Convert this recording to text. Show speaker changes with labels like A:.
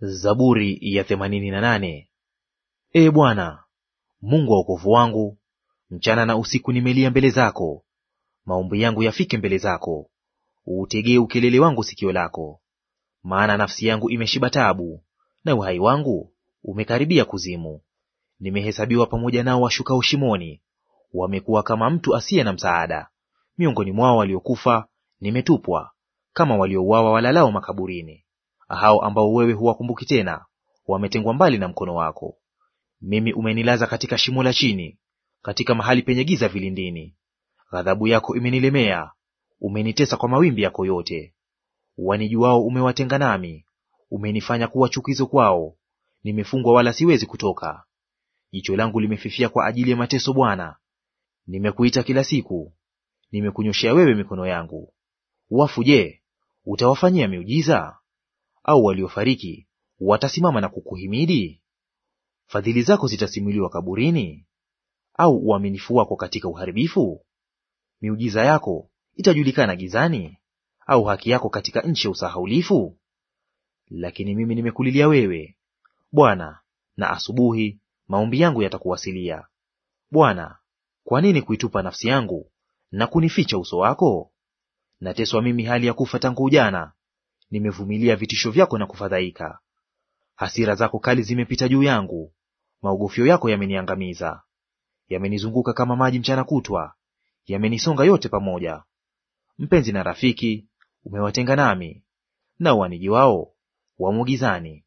A: Zaburi ya themanini na nane. Ee Bwana Mungu wa wokovu wangu, mchana na usiku nimelia mbele zako. Maombi yangu yafike mbele zako, uutegee ukelele wangu sikio lako. Maana nafsi yangu imeshiba taabu, na uhai wangu umekaribia kuzimu. Nimehesabiwa pamoja nao washukao shimoni, wamekuwa kama mtu asiye na msaada. Miongoni mwao waliokufa nimetupwa, kama waliouawa walalao makaburini hao ambao wewe huwakumbuki tena, wametengwa mbali na mkono wako. Mimi umenilaza katika shimo la chini, katika mahali penye giza vilindini. Ghadhabu yako imenilemea, umenitesa kwa mawimbi yako yote. Wanijuao umewatenga nami, umenifanya kuwa chukizo kwao. Nimefungwa wala siwezi kutoka. Jicho langu limefifia kwa ajili ya mateso, Bwana. Nimekuita kila siku, nimekunyoshea wewe mikono yangu. Wafu je, utawafanyia miujiza? au waliofariki watasimama na kukuhimidi? Fadhili zako zitasimuliwa kaburini, au uaminifu wako katika uharibifu? Miujiza yako itajulikana gizani, au haki yako katika nchi ya usahaulifu? Lakini mimi nimekulilia wewe, Bwana, na asubuhi maombi yangu yatakuwasilia. Bwana, kwa nini kuitupa nafsi yangu na kunificha uso wako? Nateswa mimi hali ya kufa tangu ujana, nimevumilia vitisho vyako na kufadhaika. Hasira zako kali zimepita juu yangu, maogofyo yako yameniangamiza. Yamenizunguka kama maji mchana kutwa, yamenisonga yote pamoja. Mpenzi na rafiki umewatenga nami, na wanijiwao wamo gizani.